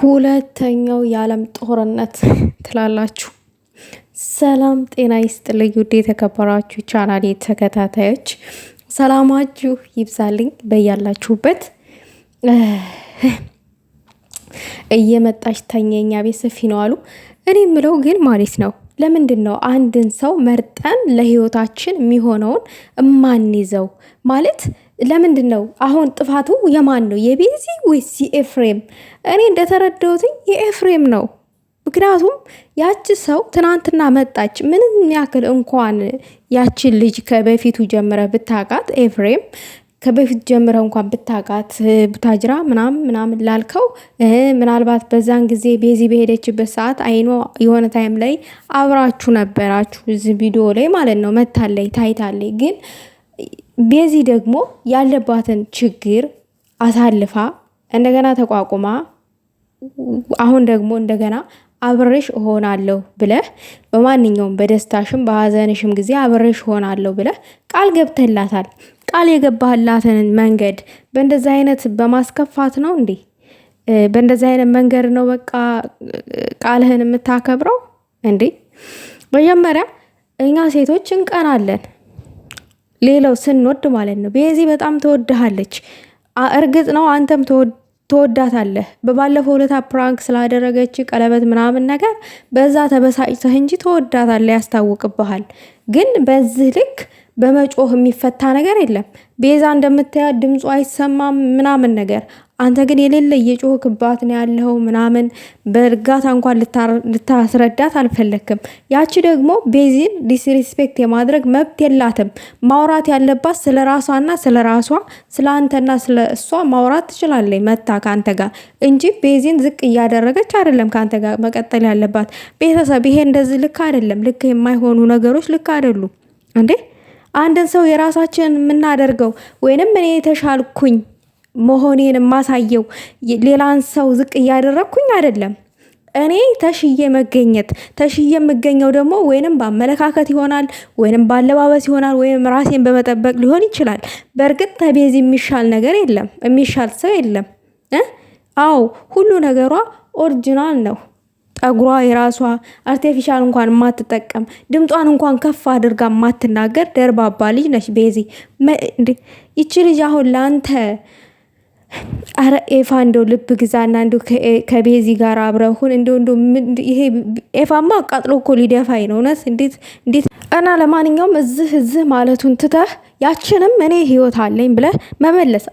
ሁለተኛው የዓለም ጦርነት ትላላችሁ። ሰላም ጤና ይስጥልኝ ውድ የተከበራችሁ ቻናል ተከታታዮች ሰላማችሁ ይብዛልኝ በያላችሁበት። እየመጣች ተኛ እኛ ቤት ሰፊ ነው አሉ። እኔ ምለው ግን ማለት ነው ለምንድን ነው አንድን ሰው መርጠን ለህይወታችን የሚሆነውን እማንይዘው? ማለት ለምንድን ነው አሁን ጥፋቱ የማን ነው? የቤዚ ወይስ የኤፍሬም? እኔ እንደተረዳሁትኝ የኤፍሬም ነው። ምክንያቱም ያቺ ሰው ትናንትና መጣች። ምንም ያክል እንኳን ያችን ልጅ ከበፊቱ ጀምረ ብታቃት ኤፍሬም ከበፊት ጀምረ እንኳን ብታቃት ቡታጅራ ምናምን ምናምን ላልከው ምናልባት በዛን ጊዜ ቤዚ በሄደችበት ሰዓት አይኖ የሆነ ታይም ላይ አብራችሁ ነበራችሁ እዚህ ቪዲዮ ላይ ማለት ነው መታለይ ታይታለይ። ግን ቤዚ ደግሞ ያለባትን ችግር አሳልፋ እንደገና ተቋቁማ አሁን ደግሞ እንደገና አብሬሽ እሆናለሁ ብለህ በማንኛውም በደስታሽም በሀዘንሽም ጊዜ አብሬሽ እሆናለሁ ብለህ ቃል ገብተላታል። ቃል የገባህላትን መንገድ በእንደዚ አይነት በማስከፋት ነው እንዴ? በእንደዚህ አይነት መንገድ ነው በቃ ቃልህን የምታከብረው እንዴ? መጀመሪያ እኛ ሴቶች እንቀናለን፣ ሌላው ስንወድ ማለት ነው። ቤዚ በጣም ተወድሃለች። እርግጥ ነው አንተም ተወዳታለህ። በባለፈው ዕለት ፕራንክ ስላደረገች ቀለበት ምናምን ነገር በዛ ተበሳጭተህ እንጂ ትወዳታለህ፣ ያስታውቅብሃል። ግን በዚህ ልክ በመጮህ የሚፈታ ነገር የለም። ቤዛ እንደምታያ ድምፁ አይሰማም ምናምን ነገር አንተ ግን የሌለ ክባት ነው ያለው ምናምን በእርጋታ እንኳን ልታስረዳት አልፈለግክም። ያቺ ደግሞ ቤዚን ዲስሪስፔክት የማድረግ መብት የላትም። ማውራት ያለባት ስለ ራሷና ስለ ራሷ ስለ አንተና ስለ እሷ ማውራት ትችላለች መታ ከአንተ ጋር እንጂ ቤዚን ዝቅ እያደረገች አይደለም ከአንተ ጋር መቀጠል ያለባት። ቤተሰብ ይሄ እንደዚህ ልክ አይደለም። ልክ የማይሆኑ ነገሮች ልክ አይደሉም እንዴ አንድን ሰው የራሳችን የምናደርገው ወይንም እኔ የተሻልኩኝ መሆኔን የማሳየው ሌላን ሰው ዝቅ እያደረግኩኝ አይደለም። እኔ ተሽዬ መገኘት ተሽዬ የምገኘው ደግሞ ወይንም በአመለካከት ይሆናል፣ ወይንም በአለባበስ ይሆናል፣ ወይም ራሴን በመጠበቅ ሊሆን ይችላል። በእርግጥ ተቤዝ የሚሻል ነገር የለም፣ የሚሻል ሰው የለም። አዎ ሁሉ ነገሯ ኦሪጂናል ነው። ጠጉሯ የራሷ አርቴፊሻል እንኳን ማትጠቀም ድምጧን እንኳን ከፍ አድርጋ ማትናገር ደርባባ ልጅ ነች ቤዚ። ይቺ ልጅ አሁን ለአንተ አረ ኤፋ እንደው ልብ ግዛና እንዲ ከቤዚ ጋር አብረሁን እንደው እንዶ ይሄ ኤፋማ አቃጥሎ እኮ ሊደፋይ ነው። እውነት እንዴት እንዴት እና ለማንኛውም እዝህ እዝህ ማለቱን ትተህ ያችንም እኔ ህይወት አለኝ ብለህ መመለስ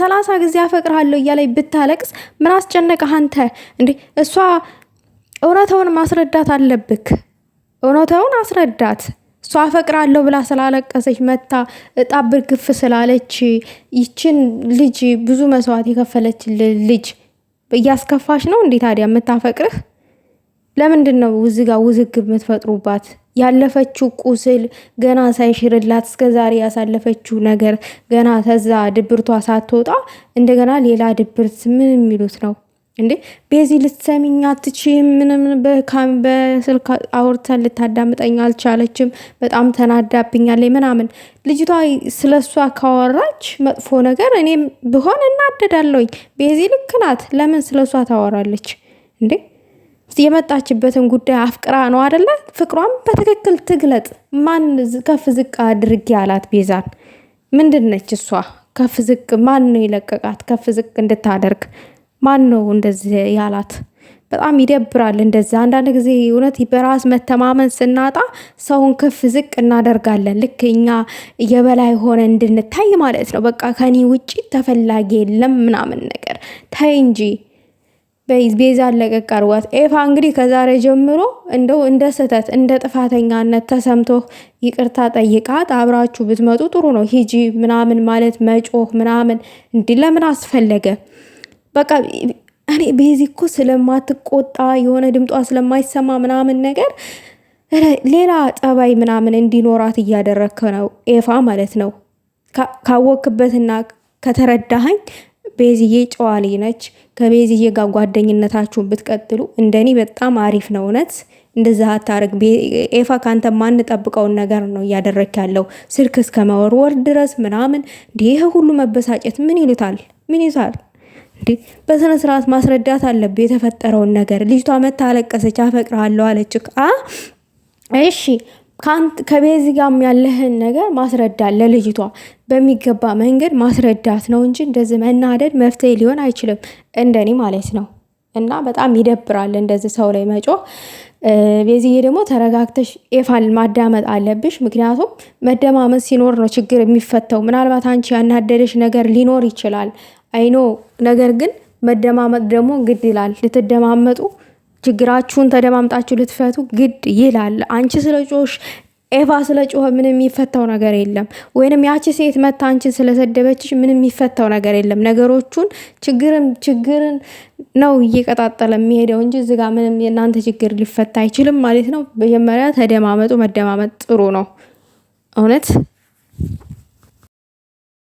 ሰላሳ ጊዜ አፈቅርሃለሁ እያለኝ ብታለቅስ ምን አስጨነቀህ አንተ እንዴ? እሷ እውነታውን ማስረዳት አለብክ። እውነታውን አስረዳት። እሷ አፈቅራለሁ ብላ ስላለቀሰች መታ እጣብር ግፍ ስላለች ይችን ልጅ ብዙ መስዋዕት የከፈለች ልጅ እያስከፋሽ ነው እንዴ ታዲያ የምታፈቅርህ? ለምንድን ነው እዚህ ጋር ውዝግብ የምትፈጥሩባት? ያለፈችው ቁስል ገና ሳይሽርላት እስከ ዛሬ ያሳለፈችው ነገር ገና ተዛ ድብርቷ ሳትወጣ እንደገና ሌላ ድብርት ምን የሚሉት ነው? እንዴ በዚህ ልትሰሚኝ አትችም። ምንም በስልክ አውርተን ልታዳምጠኝ አልቻለችም። በጣም ተናዳብኛል ምናምን። ልጅቷ ስለ እሷ ካወራች መጥፎ ነገር እኔም ብሆን እናደዳለሁኝ። በዚህ ልክ ናት። ለምን ስለ እሷ ታወራለች እንዴ? የመጣችበትን ጉዳይ አፍቅራ ነው አደለ? ፍቅሯም በትክክል ትግለጥ። ማን ከፍ ዝቅ አድርጌ አላት? ቤዛን ምንድን ነች እሷ? ከፍ ዝቅ ማን ነው የለቀቃት? ከፍ ዝቅ እንድታደርግ ማን ነው እንደዚህ ያላት? በጣም ይደብራል። እንደዚህ አንዳንድ ጊዜ እውነት በራስ መተማመን ስናጣ ሰውን ከፍ ዝቅ እናደርጋለን። ልክ እኛ የበላይ ሆነ እንድንታይ ማለት ነው። በቃ ከኔ ውጭ ተፈላጊ የለም ምናምን ነገር ታይ እንጂ ቤዛ ለቀቅ አርጓት። ኤፋ እንግዲህ ከዛሬ ጀምሮ እንደው እንደ ስህተት እንደ ጥፋተኛነት ተሰምቶ ይቅርታ ጠይቃት አብራችሁ ብትመጡ ጥሩ ነው። ሂጂ ምናምን ማለት መጮህ ምናምን እንዲ ለምን አስፈለገ? በቃ እኔ ቤዚ እኮ ስለማትቆጣ የሆነ ድምጧ ስለማይሰማ ምናምን ነገር ሌላ ጠባይ ምናምን እንዲኖራት እያደረግከ ነው ኤፋ ማለት ነው። ካወክበትና ከተረዳኸኝ ቤዝዬ ጨዋሊ ነች። ከቤዝዬ ጋር ጓደኝነታችሁን ብትቀጥሉ እንደኔ በጣም አሪፍ ነው። እውነት እንደዛ አታርግ ኤፋ። ከአንተ ማንጠብቀውን ነገር ነው እያደረግ ያለው ስልክ እስከ መወርወር ድረስ ምናምን። ይህ ሁሉ መበሳጨት ምን ይሉታል? ምን ይሉታል? እንዲህ በስነ ስርዓት ማስረዳት አለብህ የተፈጠረውን ነገር። ልጅቷ መታ አለቀሰች፣ አፈቅርሃለሁ አለች። እሺ ከቤዚ ያለህን ነገር ማስረዳት ለልጅቷ በሚገባ መንገድ ማስረዳት ነው እንጂ እንደዚህ መናደድ መፍትሄ ሊሆን አይችልም፣ እንደኔ ማለት ነው። እና በጣም ይደብራል እንደዚህ ሰው ላይ መጮ። ቤዚዬ ደግሞ ተረጋግተሽ ኤፋን ማዳመጥ አለብሽ። ምክንያቱም መደማመጥ ሲኖር ነው ችግር የሚፈተው። ምናልባት አንቺ ያናደደሽ ነገር ሊኖር ይችላል። አይኖ ነገር ግን መደማመጥ ደግሞ ግድ ይላል። ልትደማመጡ ችግራችሁን ተደማምጣችሁ ልትፈቱ ግድ ይላል። አንቺ ስለ ጮሽ ኤቫ ስለ ጮኸ ምንም የሚፈታው ነገር የለም። ወይንም ያቺ ሴት መታ አንቺን ስለሰደበችሽ ምንም የሚፈታው ነገር የለም። ነገሮቹን ችግርን ችግርን ነው እየቀጣጠለ የሚሄደው እንጂ እዚጋ ምንም የእናንተ ችግር ሊፈታ አይችልም ማለት ነው። መጀመሪያ ተደማመጡ። መደማመጥ ጥሩ ነው እውነት